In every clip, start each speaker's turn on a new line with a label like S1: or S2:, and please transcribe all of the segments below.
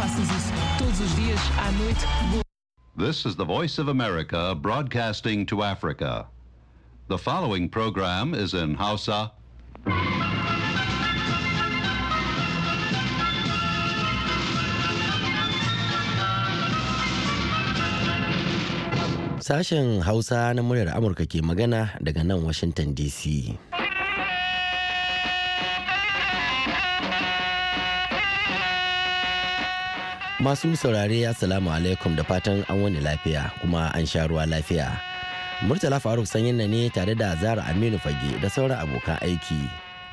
S1: faças isso todos os dias, à noite.
S2: This is the Voice of America broadcasting to Africa. The following program is in Hausa.
S3: Sashen Hausa na muryar Amurka ke magana daga nan Washington DC. Masu saurare Assalamu alaikum da fatan an wani lafiya kuma an sha ruwa lafiya. Murtala Faruk sanyin na ne tare da Zara Aminu Fage da sauran abokan aiki.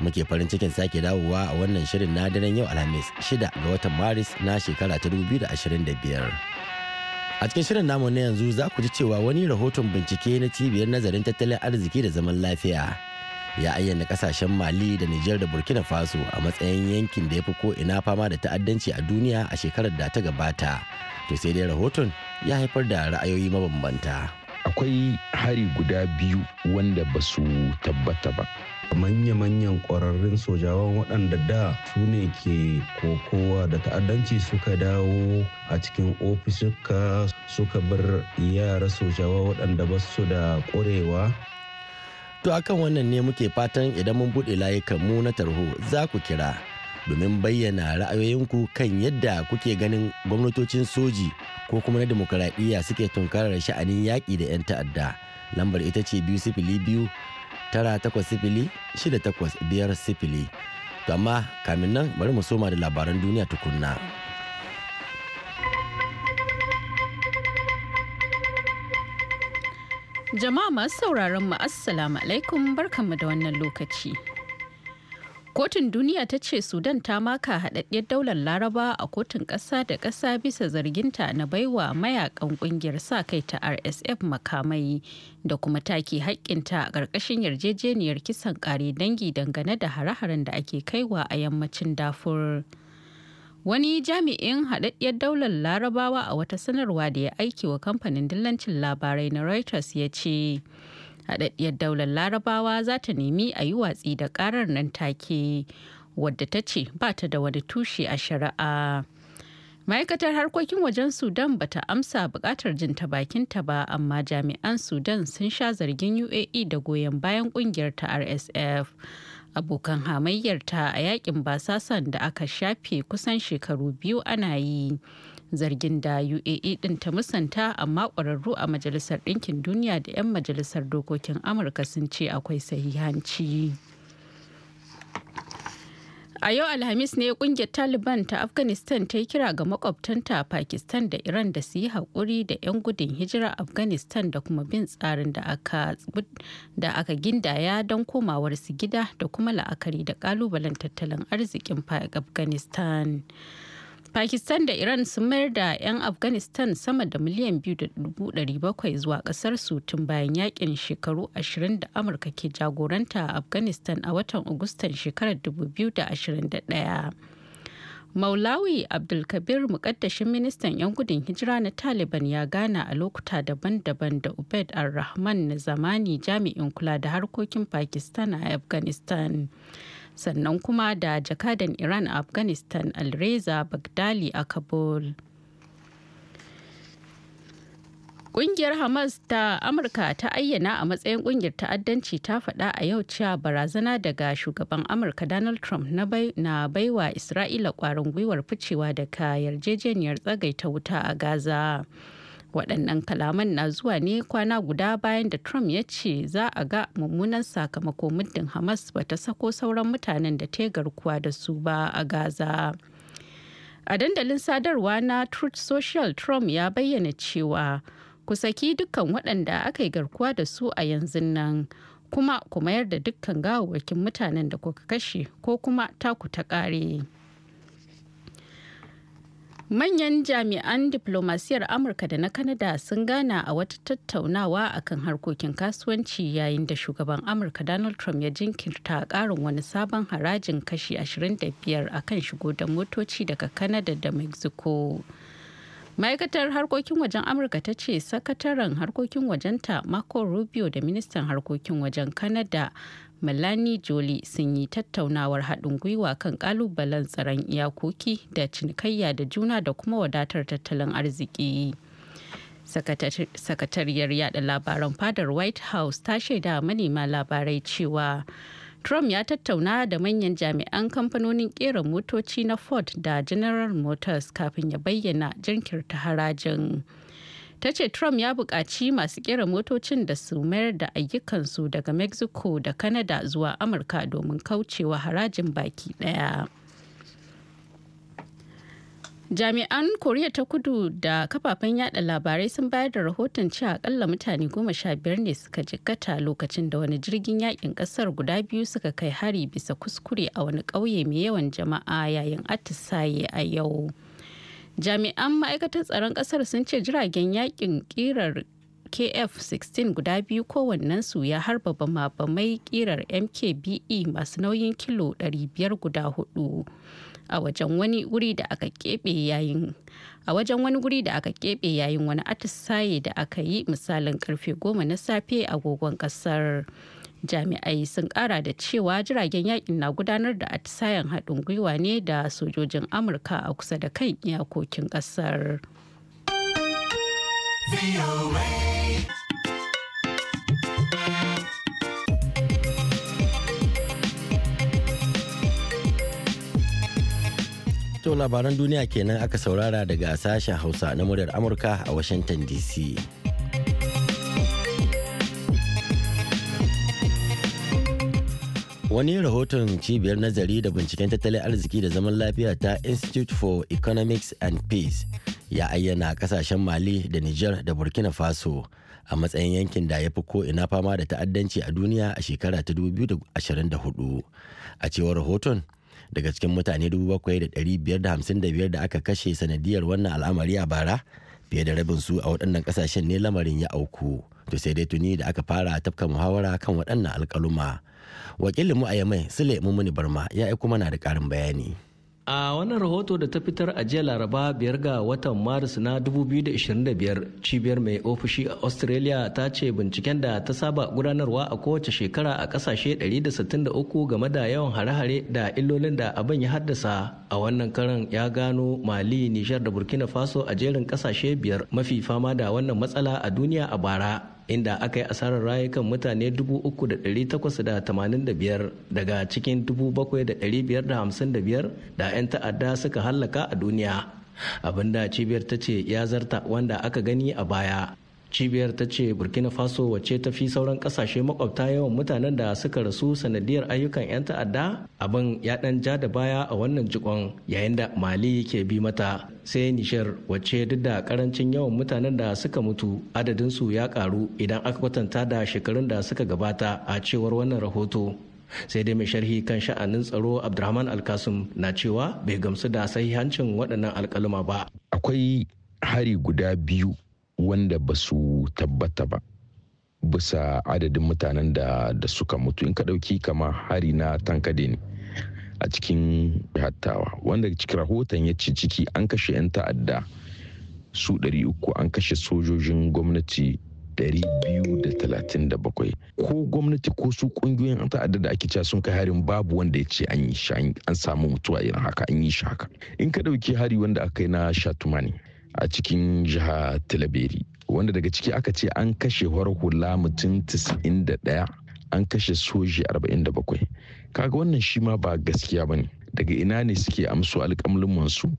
S3: Muke farin cikin sake dawowa a wannan shirin na daren yau Alhamis Shida, ga watan Maris na shekara ta da da biyar. A cikin shirin namu na yanzu za ku ji cewa wani rahoton bincike na cibiyar nazarin tattalin arziki da zaman lafiya ya ayyana kasashen mali da nijar da burkina faso a matsayin yankin da ya fi ko ina fama da ta'addanci a duniya a shekarar da ta gabata to sai dai rahoton ya haifar da ra'ayoyi mabambanta
S2: akwai hari guda biyu wanda ba su tabbata ba manya-manyan ƙwararrun sojawan waɗanda da su ne ke kokowa da ta'addanci suka dawo a cikin ofisuka suka bar yara sojawa waɗanda ba su da ƙwarewa
S3: To kan wannan ne muke fatan idan mun buɗe layukanmu na tarho za ku kira domin bayyana ra'ayoyinku kan yadda kuke ganin gwamnatocin soji ko kuma na demokuraɗiyya suke tunkarar sha'anin yaƙi da 'yan ta'adda. Lambar ita ce biyu sifili biyu tara takwas sifili shida takwas biyar sifili. To amma kamin nan bari mu soma da labaran duniya tukunna.
S4: Jama'a masu sauraron mu Assalamu alaikum barkanmu da wannan lokaci. Kotun duniya ta ce Sudan ta maka haɗaɗɗiyar daular Laraba a kotun ƙasa da ƙasa bisa zarginta na baiwa mayakan ƙungiyar sa kai ta RSF makamai da kuma take haƙƙinta a ƙarƙashin yarjejeniyar kisan ƙare dangi dangane da hare-haren da ake kaiwa a yammacin Dafur. Wani jami'in haɗaɗɗiyar daular larabawa a wata sanarwa da ya aiki wa kamfanin dillancin labarai na Reuters ya ce, haɗaɗɗiyar daular larabawa za ta nemi a yi watsi da ƙarar nan take, wadda ta ce ba ta da wani tushe a shari'a. ma'aikatar harkokin wajen sudan ba ta amsa buƙatar jin ta bakinta ba amma jami'an sudan sun sha zargin uae da goyon bayan ƙungiyar ta rsf abokan hamayyarta a yakin basasan da aka shafe kusan shekaru biyu ana yi zargin da uae din ta musanta amma ƙwararru a majalisar ɗinkin duniya da 'yan majalisar dokokin amurka sun ce akwai sahihanci. A yau Alhamis ne kungiyar Taliban ta Afghanistan ta yi kira ga makwabtanta Pakistan da Iran da su yi haƙuri da 'yan gudun hijira Afghanistan da kuma bin tsarin da aka, da aka gindaya don komawar su gida da kuma la'akari da ƙalubalen tattalin arzikin Afghanistan. Pakistan da Iran sun mayar da 'yan Afghanistan sama da miliyan 2,700 zuwa kasar su tun bayan yakin shekaru 20 da Amurka ke jagoranta a Afghanistan a watan Agustan shekarar 2021. Maulawi Abdulkabir mukaddashin ministan 'yan gudun hijira na Taliban ya gana a lokuta daban-daban da Ubaid al-Rahman na zamani jami'in kula da harkokin Pakistan a Afghanistan. sannan kuma da jakadan iran a afghanistan alreza bagdali a kabul ƙungiyar Hamas ta Amurka ta ayyana a matsayin ƙungiyar ta'addanci ta faɗa a yau cewa barazana daga shugaban Amurka Donald Trump na baiwa Isra'ila ƙwarin gwiwar ficewa daga yarjejeniyar tsagaita wuta a Gaza. waɗannan kalaman na zuwa ne kwana guda bayan da trump ya ce za a ga mummunan sakamako muddin hamas bata sako sauran mutanen da ta garkuwa da su ba a gaza a dandalin sadarwa na truth social trump ya bayyana cewa ku saki dukkan waɗanda aka yi garkuwa da su a yanzu nan kuma ku mayar da dukkan gawarwakin mutanen da kuka kashe ko kuma taku ta ƙare. manyan jami'an diflomasiyar amurka da na kanada sun gana a wata tattaunawa akan harkokin kasuwanci yayin da shugaban amurka donald trump ya jinkirta karin wani sabon harajin kashi 25 a kan shigo da motoci daga kanada da mexico ma'aikatar harkokin wajen amurka ta ce sakataren harkokin wajenta marco rubio da ministan harkokin wajen kanada Malani Jolie sun yi tattaunawar haɗin gwiwa kan ƙalubalen tsaron iyakoki da cinikayya da juna da kuma wadatar tattalin arziki. Sakatariyar yada labaran fadar White House ta shaida manema labarai cewa Trump ya tattauna da manyan jami'an kamfanonin ƙera motoci na Ford da General Motors kafin ya bayyana jinkirta harajin. ta ce trump ya buƙaci masu kera motocin da su mayar da ayyukansu daga mexico da canada zuwa amurka domin kaucewa harajin baki ɗaya. jami'an koriya ta kudu da kafafen yada labarai sun bayar da rahoton cewa akalla mutane goma sha biyar ne suka jikkata lokacin da wani jirgin yakin kasar guda biyu suka kai hari bisa kuskure a wani ƙauye mai yawan jama'a yayin atisaye a yau. jami'an ma'aikatar tsaron kasar sun ce jiragen yakin kirar kf-16 guda biyu su ya harba bama-bamai kirar mkbe masu nauyin kilo 500 guda hudu a wajen wani wuri da aka kebe yayin a wajen wani guri da aka kebe yayin wani atisaye da aka yi misalin karfe goma na safe agogon kasar. jami'ai sun kara da cewa jiragen yakin na gudanar da atisayen haɗin gwiwa ne da sojojin amurka a kusa da kan iyakokin ƙasar.
S3: To labaran duniya kenan aka saurara daga sashen Hausa na muryar Amurka a Washington DC. Wani rahoton cibiyar nazari da binciken tattalin arziki da zaman lafiya ta Institute for Economics and Peace ya ayyana kasashen Mali da Nijar da Burkina Faso a matsayin yankin da ya fi ko'ina fama da ta'addanci a duniya a shekara ta 2024. A cewar rahoton, daga cikin mutane 7,555 da aka kashe sanadiyar wannan al'amari a bara, fiye da rabin su a waɗannan ƙasashen ne lamarin ya auku. To sai dai tuni da aka fara tafka muhawara kan waɗannan alƙaluma. wakilin mu a yamai sule mumuni barma ya yi kuma na da karin bayani
S1: a wannan rahoto da ta fitar a jiya laraba biyar ga watan maris na 2025 cibiyar mai ofishi a australia ta ce binciken da ta saba gudanarwa a kowace shekara a kasashe 163 game da yawan hare-hare da illolin da abin ya haddasa a wannan karan ya gano mali nijar da burkina faso a jerin kasashe biyar mafi fama da wannan matsala a duniya a bara inda aka yi asarar rayukan mutane 3,885 daga cikin 7,555 da 'yan ta'adda suka hallaka a duniya abinda cibiyar ta ce ya zarta wanda aka gani a baya cibiyar ta ce burkina faso wace ta fi sauran kasashe makwabta yawan mutanen da suka rasu sanadiyar ayyukan 'yan ta'adda abin ya dan ja da baya a wannan jikon yayin da mali ke bi mata sai nishar wace duk da karancin yawan mutanen da suka mutu adadinsu ya karu idan aka kwatanta da shekarun da suka gabata a cewar wannan rahoto sai dai mai sharhi kan sha'anin tsaro abdurrahman alkasum na cewa bai gamsu da sahihancin waɗannan alkaluma ba
S2: akwai hari guda biyu wanda ba su tabbata ba bisa adadin mutanen da, da suka mutu in ka dauki kama hari na tankade ne a cikin hattawa wanda cikin rahoton ya ci ciki an kashe 'yan ta'adda su 300 an kashe sojojin gwamnati 237 ko gwamnati ko su kungiyoyin ta'adda da ake cewa sun kai harin babu wanda ya ce an yi shi an samu mutuwa irin haka an yi shi haka in ka dauki hari wanda aka yi na shatumani a cikin jiha Tilaberi. Wanda daga ciki aka ce an kashe har hula mutum 91 an kashe soji 47. Kaga wannan shi ma ba gaskiya ba ne. Daga ina ne suke amsu alƙamlumansu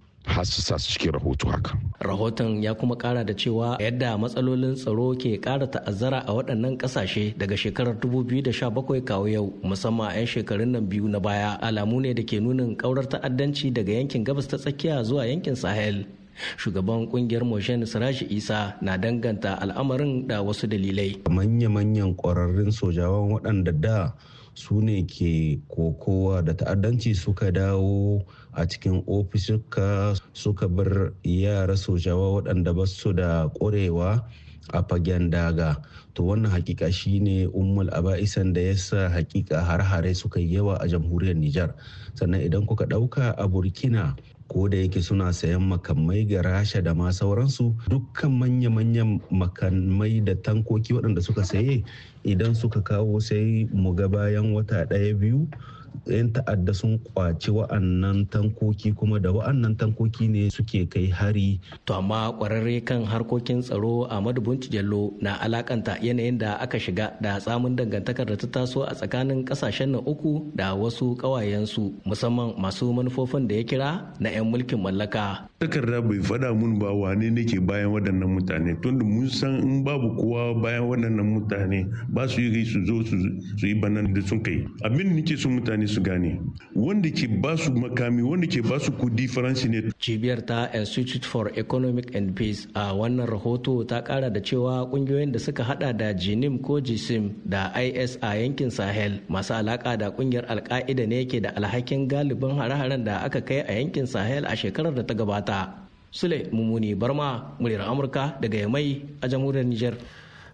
S2: su sa su cikin rahoto
S1: haka. Rahoton ya kuma kara da cewa yadda matsalolin tsaro ke kara ta'azzara a waɗannan ƙasashe daga shekarar 2017 kawo yau musamman a 'yan shekarun nan biyu na baya alamu ne da ke nunin ƙaurar ta'addanci daga yankin gabas ta tsakiya zuwa yankin Sahel. shugaban kungiyar moshen sirashi isa na danganta al'amarin da wasu dalilai
S2: manya-manyan kwararrun sojawan waɗanda da su ne ke kokowa da ta'addanci suka dawo a cikin ofisuka suka bar yara sojawa waɗanda ba su da ƙorewa a fagen daga to wannan hakika shine ummul aba'isan da ya sa hakika har-hare suka yi yawa a jamhuriyar Nijar sannan idan kuka ɗauka a Burkina ko da yake suna sayan makamai ga rasha da ma sauransu dukkan manya-manyan makamai da tankoki waɗanda suka saye idan suka kawo sai mu ga bayan wata ɗaya biyu 'yan ta'adda sun kwaci wa'annan tankoki kuma da wa'annan tankoki ne suke kai
S1: hari. To amma kwararre kan harkokin tsaro a Bunci Jallo na alakanta yanayin da aka shiga da tsamin dangantakar da ta taso a tsakanin kasashen na uku da wasu kawayensu musamman masu manufofin da ya kira na 'yan mulkin mallaka.
S2: Takarda bai faɗa mun ba wane nake bayan waɗannan mutane tunda mun san in babu kowa bayan waɗannan mutane ba su yi su zo su yi banan da sun kai abin nake so mutane su gane wanda ke ba su makami wanda ke ba su kudi faransi
S1: ne cibiyar ta institute for economic and peace a wannan rahoto ta kara da cewa kungiyoyin da suka hada da jinim ko jisim da is a yankin sahel masu alaka da kungiyar alka'ida ne ke da alhakin galibin hare-haren da aka kai a yankin sahel a shekarar da ta gabata sule mummuni barma muryar amurka daga yamai a jamhuriyar niger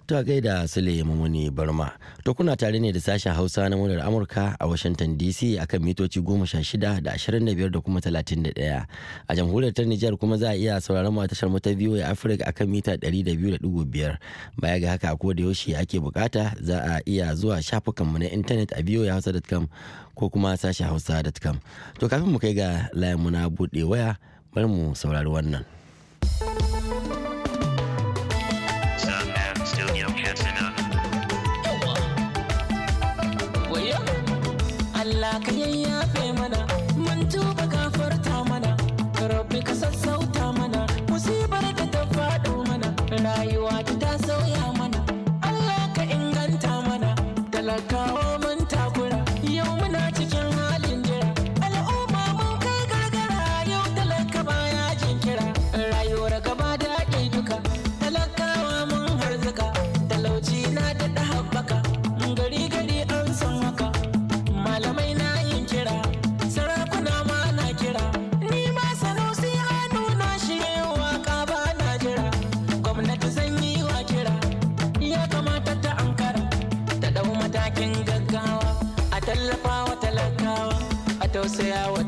S1: ta gaida
S3: Sule Mumuni Barma. To kuna tare ne da sashen Hausa na muryar Amurka a Washington DC akan mitoci 16 da 25 da kuma 31. A jamhuriyar ta Nijar kuma za a iya sauraron mu tashar mu ta VOA Africa akan mita ɗari 200.5. Baya ga haka ko da yaushe ake bukata za a iya zuwa shafukan mu na intanet a voahausa.com ko kuma sashen hausa.com. To kafin mu kai ga layin mu na buɗe waya bari mu saurari wannan.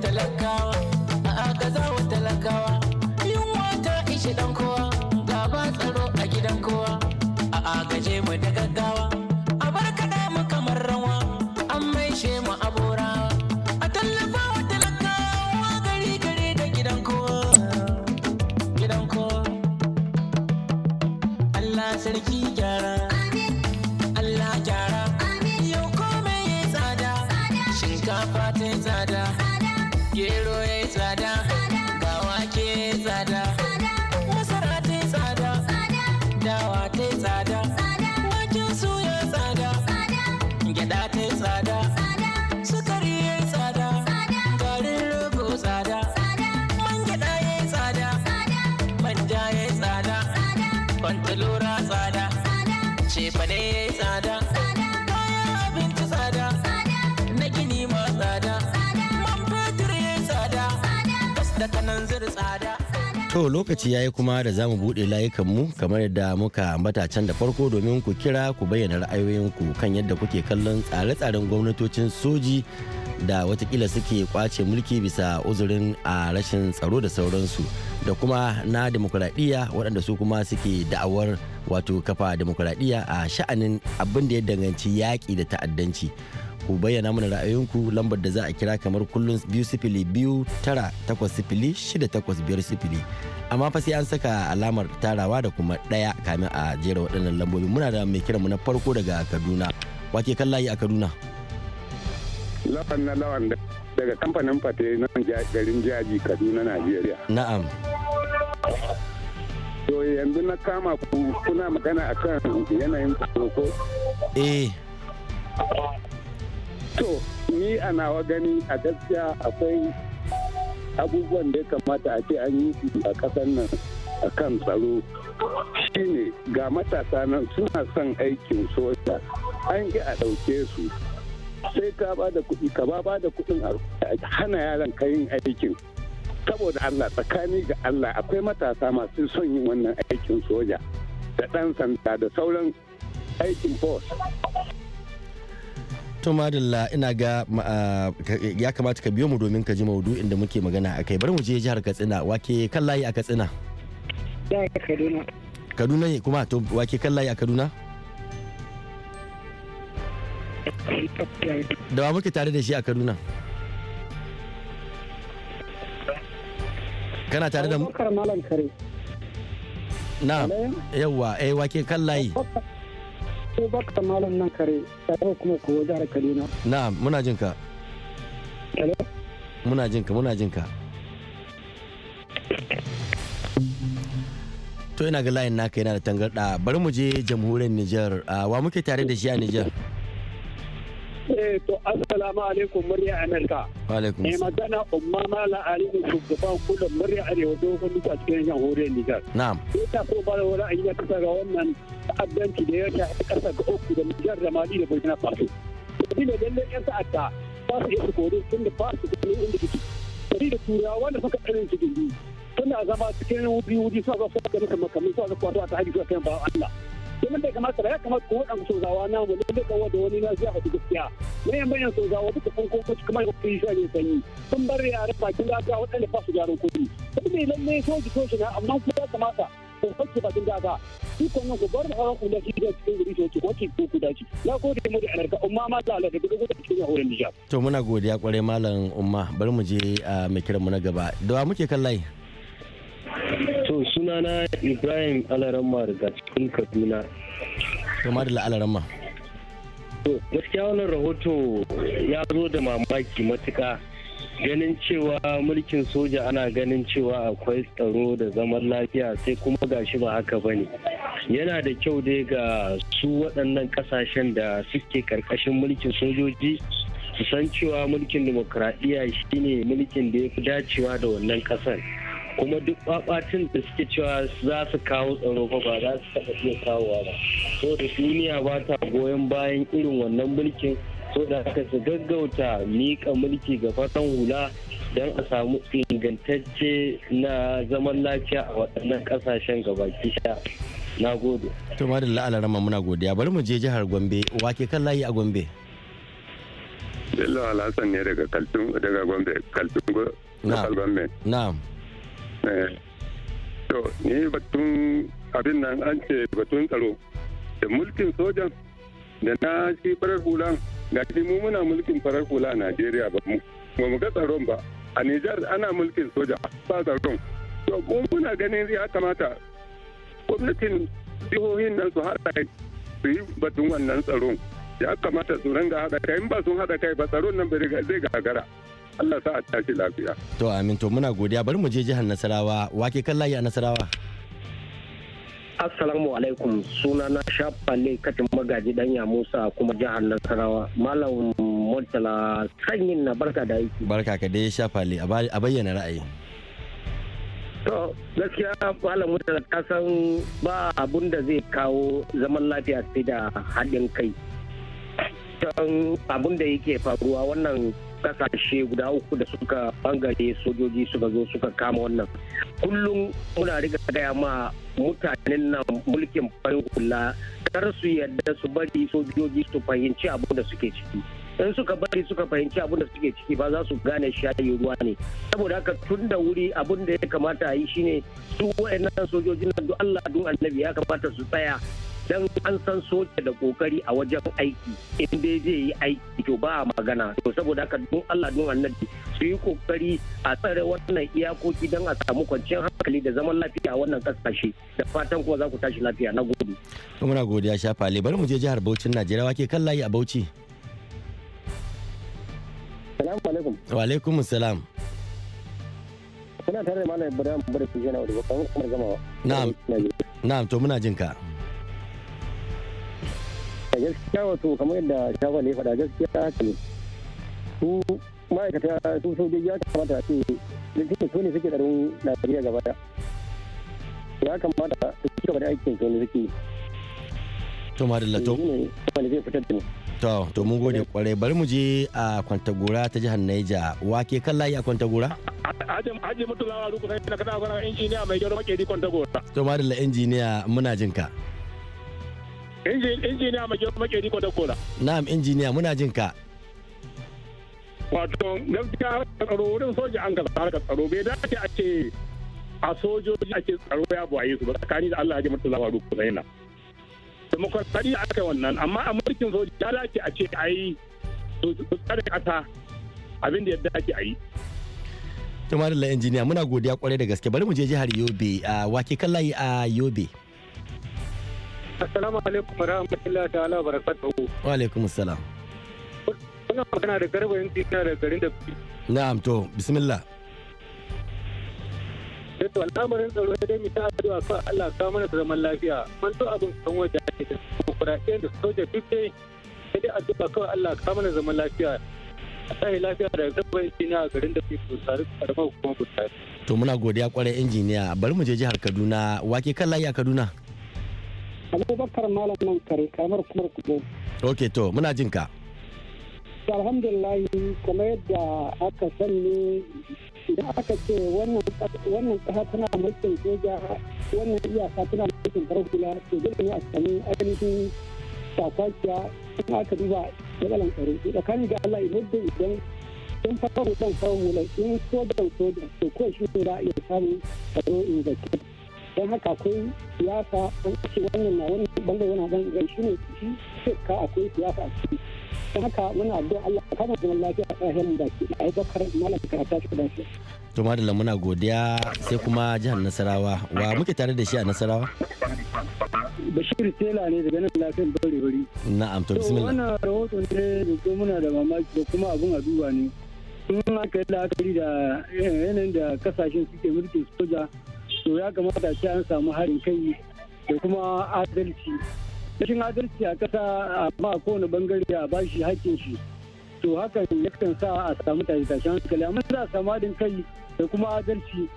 S5: te la cago
S3: To lokaci ya yi kuma da za mu buɗe layukanmu kamar yadda muka ambata can da farko domin ku kira ku bayyana ra'ayoyinku kan yadda kuke kallon tsare-tsaren gwamnatocin soji da watakila suke kwace mulki bisa uzurin a rashin tsaro da sauransu da kuma na demokuraɗiyya waɗanda su kuma suke da'awar wato kafa demokuraɗiyya a sha'anin abin da ya danganci yaƙi da ta'addanci. ku bayyana mana ra'ayinku lambar da za a kira kamar kullum biyu sifili biyu tara takwas sifili shida takwas biyar sifili amma fa sai an saka alamar tarawa da kuma ɗaya kamin a jera waɗannan lambobi muna da mai kiranmu na farko daga kaduna wake kan layi a kaduna.
S6: lawan na lawan daga kamfanin fate na garin jaji kaduna najeriya na'am to yanzu na kama ku kuna magana akan yanayin ko. eh To, ni a nawa gani a gaskiya akwai abubuwan da ya kamata a ce an yi su a kasar nan a kan tsaro shine ga matasa nan suna son aikin soja an yi a ɗauke su sai ka ba da kuɗi ka ba da kuɗin a hana yaran ka aikin saboda Allah tsakani ga Allah akwai matasa masu son yin wannan aikin soja da ɗan sanda da sauran aikin
S2: force
S3: to madalla ina ga ya kamata ka biyo mu domin ka ji maudu'in da muke magana a kai bari mu je jihar katsina wake kan layi a katsina kaduna ne kuma to wake kan layi a kaduna da ba muke tare da shi a kaduna kana tare da mu na yawa eh wake kan layi
S6: abubakar malam nan kare tare kuma ko jihar kaduna
S3: na'am muna jin ka muna jin ka muna jin ka to ina ga layin naka yana da tangarda bari mu je jamhuriyar Nijar ah, wa muke tare da shi a Nijar
S6: Eh to assalamu alaikum murya Amerika. Wa alaikum. Eh magana umma mala alimu shugaban kullum murya Arewa dogon duka cikin yan jamhuriyar Nijar. Na'am. Ko ta ko bar wani ayyuka ta ga wannan ta'addanci da yake a kasa ga uku da Nijar da Mali da Burkina Faso. Sai da lalle yan ta'adda ba su iya su kore tun da ba su da inda suke. Sai da turawa wanda suka tsarin su gindi. Suna zama cikin wuri wuri suna ga suka ga kamar su zuwa kwato a ta hajji suka kai ba Allah. kuma bai kamata ba ya kamata kuma kan sozawa na mu ne kawo da wani na zai hadu gaskiya mayan bayan sozawa duka sun kuma kuma ya fi shi sanyi sun bar yare bakin gaga waɗanda ba su gyaran kudi sai mai lalle soji soji na amma kuma ya kamata ko kake bakin gaga shi kuma nan bar da hawan kula shi da cikin guri soji ko ki ku dace na gode mu da alarka umma ma da alarka duk da cikin horon Nijar
S3: to muna godiya kwarai malam umma bari mu je a ah, mai kiran mu na gaba da muke kallai
S6: suna sunana Ibrahim Alaramma daga cikin Kaduna. Kuma da Alaramma. To gaskiya wannan rahoto ya zo da mamaki matuka ganin cewa mulkin soja ana ganin cewa akwai tsaro da zaman lafiya sai kuma gashi ba haka bane. Yana da kyau dai ga su waɗannan ƙasashen da suke karkashin mulkin sojoji su san cewa mulkin dimokuraɗiyya shine mulkin da ya fi dacewa da wannan ƙasar. kuma duk babacin da suke cewa za su kawo tsaro fa ba za su taɓa iya kawowa ba so da duniya ba ta goyon bayan irin wannan mulkin so da aka su gaggauta miƙa mulki ga fatan hula don a samu ingantacce na zaman lafiya a
S3: waɗannan ƙasashen gabaki sha na gode. to madalla alarama muna godiya bari mu je jihar gombe wake kan layi a gombe.
S6: bello alhassan ne daga kaltun daga gombe kaltun na government. na'am. Eh, to ni batun abin nan an ce batun tsaro da mulkin soja da na shi farar hula ga shi mu muna mulkin farar hula a najeriya ba mu ba mu ga tsaron ba a nijar ana mulkin soja ba tsaron to mu muna ganin ya kamata gwamnatin jihohin nan su haɗa su yi batun wannan tsaron ya kamata su ranga haɗa kai in ba sun haɗa kai ba tsaron nan zai gagara Allah sa a tashi lafiya.
S3: To amin to muna godiya bari mu je jihar Nasarawa wake kan layi a Nasarawa.
S6: Assalamu alaikum suna na shafale katin magaji danya Musa kuma jihar Nasarawa malam Murtala sanyin na barka da
S3: aiki. Barka ka dai shafale a bayyana ra'ayi.
S6: To gaskiya malam Murtala ta san ba abun da zai kawo zaman lafiya sai da haɗin kai. Don abun da yake faruwa wannan kasashe guda uku da suka bangare sojoji suka zo suka kama wannan kullum muna riga gaya ma mutanen nan mulkin farin hula kar su yadda su bari sojoji su fahimci abu da suke ciki in suka bari suka fahimci abin da suke ciki ba za su gane shayi ruwa ne saboda haka tun da wuri abin da ya kamata a yi shine su wa'annan sojojin nan duk Allah duk annabi ya kamata su tsaya dan an san soja da kokari a wajen aiki in dai zai yi aiki to ba magana to saboda haka don Allah don annabi su yi kokari a tsare wannan iyakoki don a samu kwanciyar hankali da zaman lafiya a wannan kasashe da fatan kuma za ku tashi lafiya na gode
S3: to muna godiya shafale bari mu je jihar Bauchi Najeriya wake kan layi a Bauchi Salamu alaikum. Wa alaikum salam.
S6: Kuna tare da Malam Ibrahim Bari Fujina Wadda Bakan Umar Gamawa.
S3: Na'am. Na'am to muna jin ka.
S6: a gaskiya wato kamar yadda shawar ne faɗa gaskiya ce su ma'aikata su sojoji ya kamata a ce likitan su ne suke tsarin najeriya gaba daya ya kamata su ci gaba da aikin su ne suke to madalla to da ni
S3: to to mun gode kwarai bari mu je a kwantagora ta jihar naija wake kan layi a kwantagora
S6: aji mutulawa rukunan kada gwanar injiniya mai gero makedi
S3: kwantagora to madalla injiniya muna jinka ka
S6: injiniya mai makeri ko
S3: na'am injiniya muna jin ka
S6: wato gaskiya tsaro wurin soja an gasa harkar tsaro bai dace a ce a sojoji ake tsaro ya buwaye su ba tsakani da Allah ya ji murtala faru ku zaina demokrasi aka wannan amma a mulkin soja ya dace a ce a yi tsare kasa abin da ya dace a yi
S3: la injiniya muna godiya kwarai da gaske bari mu je jihar Yobe a ah, wake kallayi a Yobe.
S6: Assalamu alaikum warahmatullahi ta'ala barakatuhu.
S3: Wa alaikum assalam.
S6: Kuna magana da garba yin tina da garin da
S3: Na'am to bismillah.
S6: Yato eh al'amarin tsaro ya dai mita addu'a fa Allah ka mana zaman lafiya. Man to abin kan waje ake da kuraɗiyar da soja fice sai dai addu'a kawai Allah ka mana zaman lafiya. Sai lafiya da garba yin tina a garin da fi tsari karamar hukumar Butare.
S3: To muna godiya kwarai injiniya bari mu je jihar Kaduna wake kan layi a Kaduna. abubakar malam nan kare kamar kuma kudu ok to muna jin ka
S6: alhamdulillah kamar yadda aka sani idan aka ce wannan kasa tana mulkin soja wannan iyaka tana mulkin farfula to dole ne a sami ainihin sakwakiya in aka duba matsalan tsaro tsakani ga Allah idan idan sun fara hudan farfula hula in sojan soja to ko shi ne za a iya samun tsaro ingantacce don haka akwai siyasa an ce wannan na wani bangare wani bangare shi ne shi ka akwai siyasa a ciki don haka muna addu'a Allah ka kama zaman lafiya a ƙasashen da ke ai bakar malam karata shi da shi
S3: to madalla muna godiya sai kuma jihar Nasarawa wa muke tare da shi a Nasarawa
S6: Bashir Tela ne daga nan lafiyar bari bari
S3: na'am to bismillah
S6: wannan rahoton ne da muna da mamaki da kuma abun a duba ne in aka yi la'akari da eh, yanayin da kasashen suke mulkin soja to ya kamata ce an samu harin kai da kuma adalci rashin adalci a ƙasa a ba kowane bangare a ba shi hakkin shi to hakan yakan sa a samu tashe-tashen hankali amma za a samu haɗin kai da kuma adalci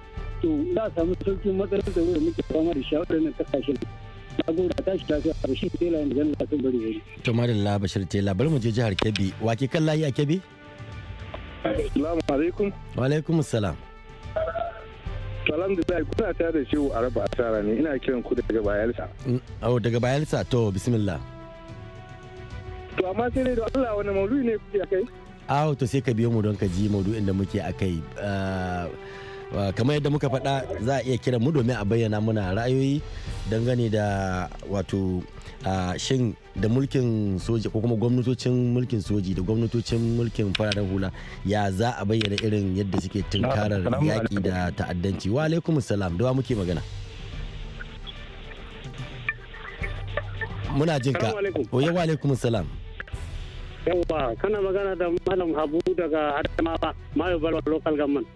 S6: to za a samu sauƙin matsalar da wanda muke fama da shawarar na ƙasashen na gode a tashi lafiya a bashir tela yanzu ganin lafiyar bari bari.
S3: to madalla bashir tela bari mu je jihar kebbi wa ke kan layi a kebbi.
S6: salamu alaikum.
S3: wa alaikum salam.
S6: salam da zai kuna tare da shi a raba asara ne ina kiran ku daga bayelsa
S3: oh daga bayelsa to bismillah
S6: to amma sai dai da Allah wani maudu'i ne kuke akai
S3: awo to sai ka biyo mu don ka ji maudu'in da muke akai ah, kamar yadda muka faɗa za a iya kiran mu domin a bayyana muna ra'ayoyi dangane da wato ah, shin da mulkin soji ko kuma gwamnatocin mulkin soji da gwamnatocin mulkin fararen hula ya za a bayyana irin yadda suke tunkarar yaƙi da ta'addanci wa alaikum salam da muke magana muna jinka ka oye wa alaikum salam
S6: yawa kana magana da malam habu daga adamawa mayo balwa local government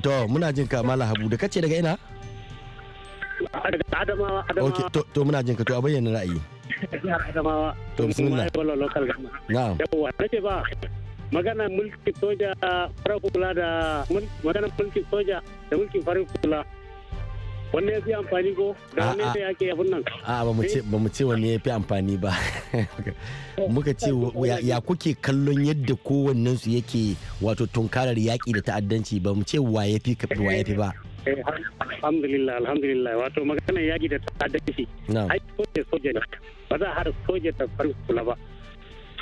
S3: to muna jinka malam habu da kace daga ina
S6: daga Adamawa Adamawa.
S3: Okay to muna jin ka to a bayyana ra'ayi.
S6: Jihar Adamawa. To bismillah. Na'am. Yawwa nake ba magana mulkin soja farar kula da magana mulkin soja da mulkin farar kula wanne ya fi amfani ko da wanne ne ake abun nan
S3: a ba mu ce ba mu ce wanne ya fi amfani ba muka ce ya kuke kallon yadda kowannensu yake wato tunkarar yaƙi da ta'addanci ba mu ce wa ya fi ba
S6: Eh, alhamdulillah alhamdulillah wato magana yaki da ta'addanci ai soja soja ne ba za a hada soja ta farin kula ba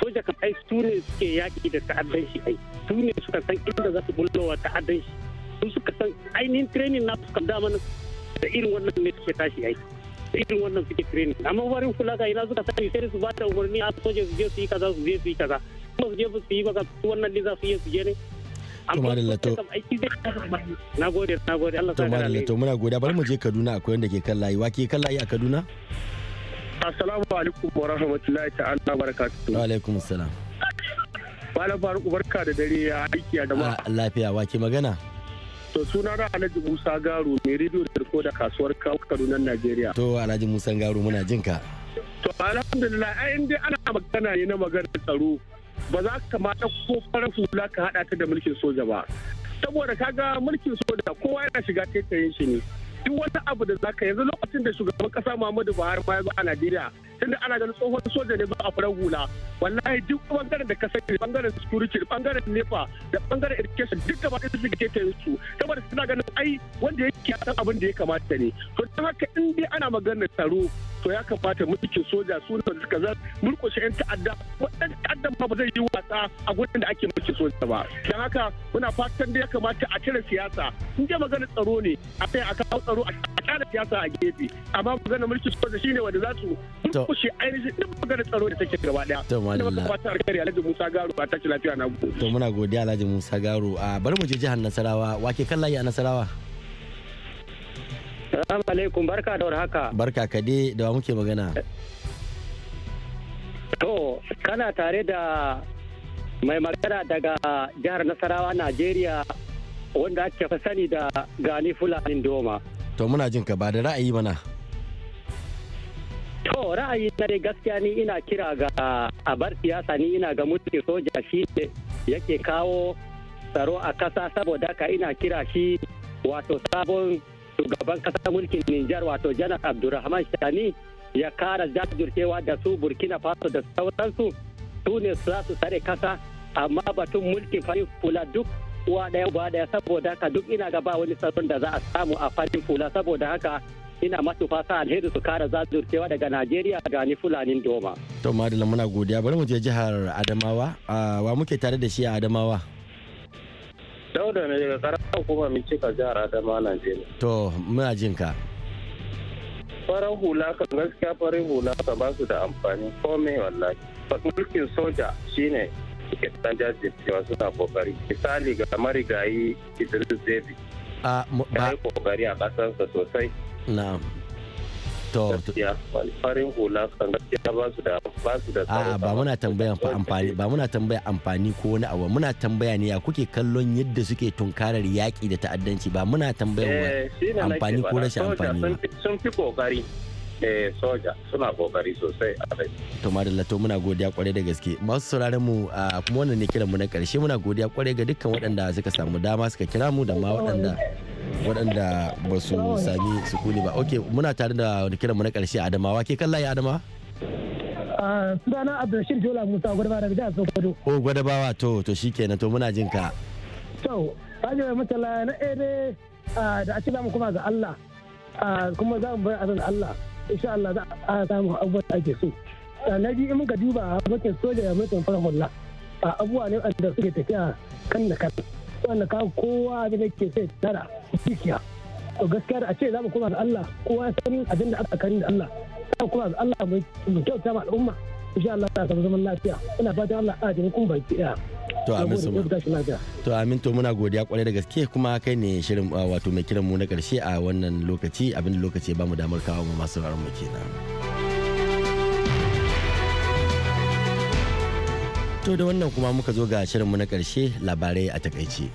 S6: soja kan ai su ne suke yaki da ta'addanci ai su ne suka san inda za su bullowa ta'addanci su suka san ainihin training na suka da mana da irin wannan ne suke tashi ai da irin wannan suke training amma warin kula ga ina suka sani sai su ba ta umarni a ah, soja su je su yi kaza su je su yi kaza kuma su je su yi ba wannan ne za su iya su je ne
S3: to muna goda bari mu je kaduna akwai wanda ke kan layi wa ke kan layi a kaduna
S6: assalamu alaikum wa rahmatullahi
S3: ta'ala barakatuhu wa alaikum assalam
S6: malam faruk barka da dare ya aiki a dama
S3: ah, lafiya wa ke magana
S6: to suna na alhaji musa garu mai rediyo da da kasuwar kawo kaduna
S3: najeriya to alhaji musa garu muna jinka
S6: to alhamdulillah ai dai ana magana ne na magana tsaro ba za ka kamata ko farar hula ka haɗa ta da mulkin soja ba saboda kaga mulkin soja kowa yana shiga taitayin shi ne duk wani abu da zaka yanzu lokacin da shugaban kasa Muhammadu Buhari ma ya zo a Najeriya tunda ana ganin tsohon soja ne ba a farar hula wallahi duk bangaren da kasa ne bangaren security bangaren nepa da bangaren education duk gaba ɗaya suke ta su saboda suna ganin ai wanda yake san abin da ya kamata ne to don haka in dai ana maganar tsaro to ya kamata mulkin soja su da suka zan murkushe 'yan ta'adda waɗanda ta'adda ba zai yi wasa a gurin da ake mulkin soja ba don haka muna fatan da ya kamata a cire siyasa in je magana tsaro ne a kai a kawo tsaro a ƙara siyasa a gefe amma magana mulkin soja shine wanda za su murkushe ainihin duk magana tsaro da take gaba daya to madalla fata alkhairi alhaji musa garu ba tashi lafiya na gode.
S3: to muna godiya alhaji musa garu a bari mu je jihar nasarawa wake kallaye a nasarawa.
S6: Salamu alaikum barka da warhaka.
S3: Barka ka dai da wa muke magana.
S6: To kana tare da mai magana daga jihar Nasarawa Najeriya wanda ake fi sani da gani Fulani Doma.
S3: To muna jin ka ba da ra'ayi mana.
S6: To ra'ayi na dai gaskiya ni ina kira ga abar siyasa ni ina ga mutum soja shi ne yake kawo tsaro a kasa saboda ka ina kira shi wato sabon shugaban kasar mulkin Nijar wato Janar Abdulrahman Shani ya kara jajircewa da su Burkina Faso da sauransu su ne za su tsare kasa amma batun mulkin farin fula duk uwa daya ba daya saboda haka duk ina ga ba wani tsaron da za a samu a farin fula saboda haka ina masu fasa alheri su kara jajircewa daga Najeriya ga ni Fulanin Doma.
S3: To Madalla muna godiya bari mu je jihar Adamawa ah, wa muke tare da shi a Adamawa.
S6: Dauda ne daga karamar min cika jihar Adama Najeriya.
S3: To, muna jin ka.
S6: Farar hula kan gaskiya farin hula ka ba su da amfani komai wallahi. Mulkin soja shine suke ɗan jajircewa suna kokari. Misali ga marigayi Idris Debi. A ba. Ya kokari a ƙasarsa sosai. Na'am. to farin hula kan ba su da ba su da muna
S3: tambayan amfani ba muna tambaya amfani ko wani abu muna tambaya ne ya kuke kallon yadda suke tunkarar yaƙi da ta'addanci ba muna tambayan eh, amfani ko rashin amfani
S6: sun fi kokari eh, soja suna kokari sosai a rai.
S3: To da to muna godiya kwarai da gaske. Masu sauraron mu kuma wannan ne kiran mu na karshe muna godiya kwarai ga dukkan waɗanda suka samu dama suka kira mu da ma waɗanda waɗanda ba su sami sukuni ba ok muna tare da kiran mu na ƙarshe adamawa ke kallaye adama
S6: ah, sunana abdulrashid jola musa gwadabawa daga jihar sokoto
S3: oh gwadabawa to to shi shikenan to muna jin ka
S6: to kaji mai mutala na ere ah, da ake zamu kuma ga Allah ah, kuma za mu bar azan Allah insha Allah za a samu abubuwan da ake so na ji in muka duba mulkin soja da mulkin farar hula abubuwa ne wanda suke tafiya kan da kan wanda ka kowa da ke sai tara dukiya to gaskiya da a ce za mu kuma da Allah kowa ya san abin da aka kari da Allah za mu da Allah mu kyauta ma al'umma insha Allah za samu zaman lafiya ina fatan Allah a jini kun baki daya to amin sama
S3: to amin to muna godiya kwarai da gaske kuma kai ne shirin wato mai kiran mu na karshe a wannan lokaci abin da lokaci ba mu damar kawo mu masu rarmu kenan. To da wannan kuma muka zo ga shirinmu na ƙarshe labarai a takaice.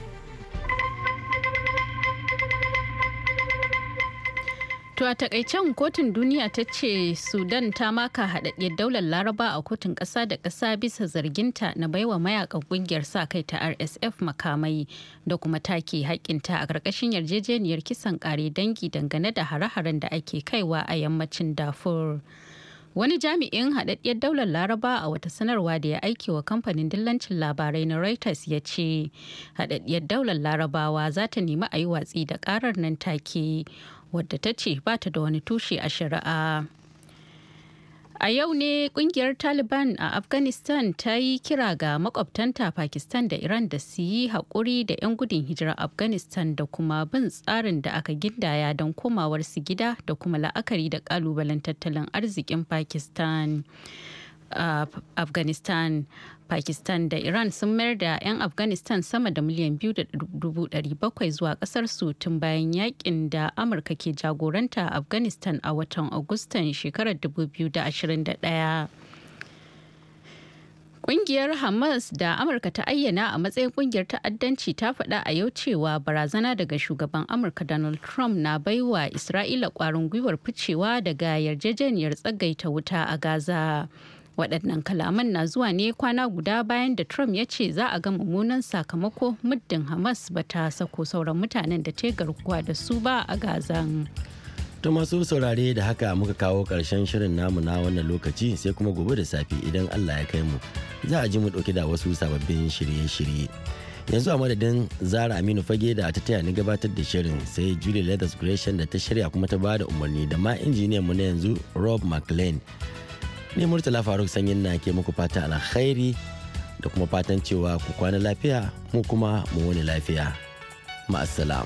S4: To a takaicen kotun duniya ta ce Sudan ta maka haɗaɗɗiyar daular Laraba a kotun ƙasa da ƙasa bisa zarginta na baiwa mayakan ƙungiyar sa kai ta RSF makamai da kuma take haƙƙinta a ƙarƙashin yarjejeniyar kisan ƙare dangi dangane da hare-haren da ake kaiwa a yammacin Darfur. Wani jami'in haɗaɗɗiyar daular Laraba a wata sanarwa da ya aiki wa kamfanin dillancin labarai na Reuters ya ce, haɗaɗɗiyar daular Larabawa za ta nemi a yi watsi da ƙarar nan take, wadda ta ce ba ta da wani tushe a shari'a. A yau ne kungiyar Taliban a Afghanistan ta yi kira ga makwabtanta Pakistan da Iran da su yi haƙuri da 'yan gudun hijirar Afghanistan da kuma bin tsarin da aka gindaya don komawar su gida da kuma la'akari da kalubalen tattalin arzikin Pakistan. Uh, Afghanistan Pakistan da Iran sun mayar da 'yan Afghanistan sama da miliyan 2,700 zuwa su tun bayan yakin da Amurka ke jagoranta a Afghanistan a watan Agustan shekarar 2021. Kungiyar Hamas da Amurka ta ayyana a matsayin kungiyar ta'addanci ta faɗa a yau cewa barazana daga shugaban Amurka Donald Trump na baiwa Isra'ila ƙwarin gwiwar ficewa daga yarjejeniyar tsagaita wuta a Gaza. waɗannan kalaman na zuwa ne kwana guda bayan da trump ya ce za a ga mummunan sakamako muddin hamas ba ta sako sauran mutanen da ta garkuwa da su ba a gazan ta
S3: masu saurare da haka muka kawo ƙarshen shirin namu na wannan lokaci sai kuma gobe da safe idan allah ya kai mu za a ji mu ɗauki da wasu sababbin shirye-shirye yanzu a madadin zara aminu fage da ta taya ni gabatar da shirin sai julie leathers gresham da ta shirya kuma ta bada umarni da ma injiniyan mu na yanzu rob mclean ne murtala faruk sanyin na ke muku fata alkhairi da kuma fatan cewa ku kwana lafiya mu kuma mu wani lafiya ma'assalam.